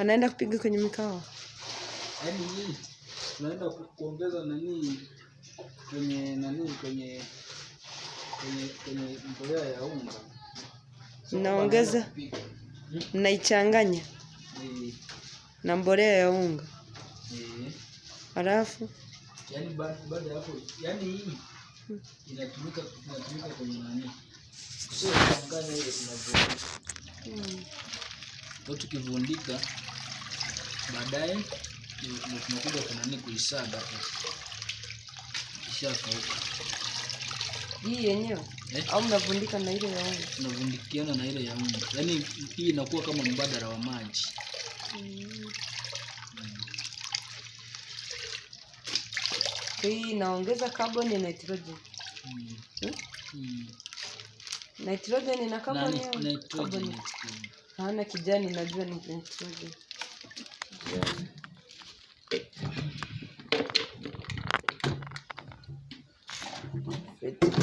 Anaenda kupiga kwenye mikao Yaani nini? Tunaenda kuongeza nani kwenye nani kwenye kwenye kwenye mbolea ya unga. naongeza mnaichanganya hmm? e, na mbolea ya unga e. Alafu yani baada ya hapo yani hii inatumika inatumika kwenye nani? Sio kuchanganya ile tunavyo Mm. Tukivundika baadaye ndio kuna nini kuisaga kisha kauka hii yenyewe eh? Au mnavundika na ile ya unga? Tunavundikiana na ile ya unga, yaani hii inakuwa kama mbadala wa maji mm. Hii inaongeza carbon na nitrogen. Mm. Hmm? Mm. Nitrogen na kaboni. Nitrogen. Hana kijani, najua ni nitrogen. it.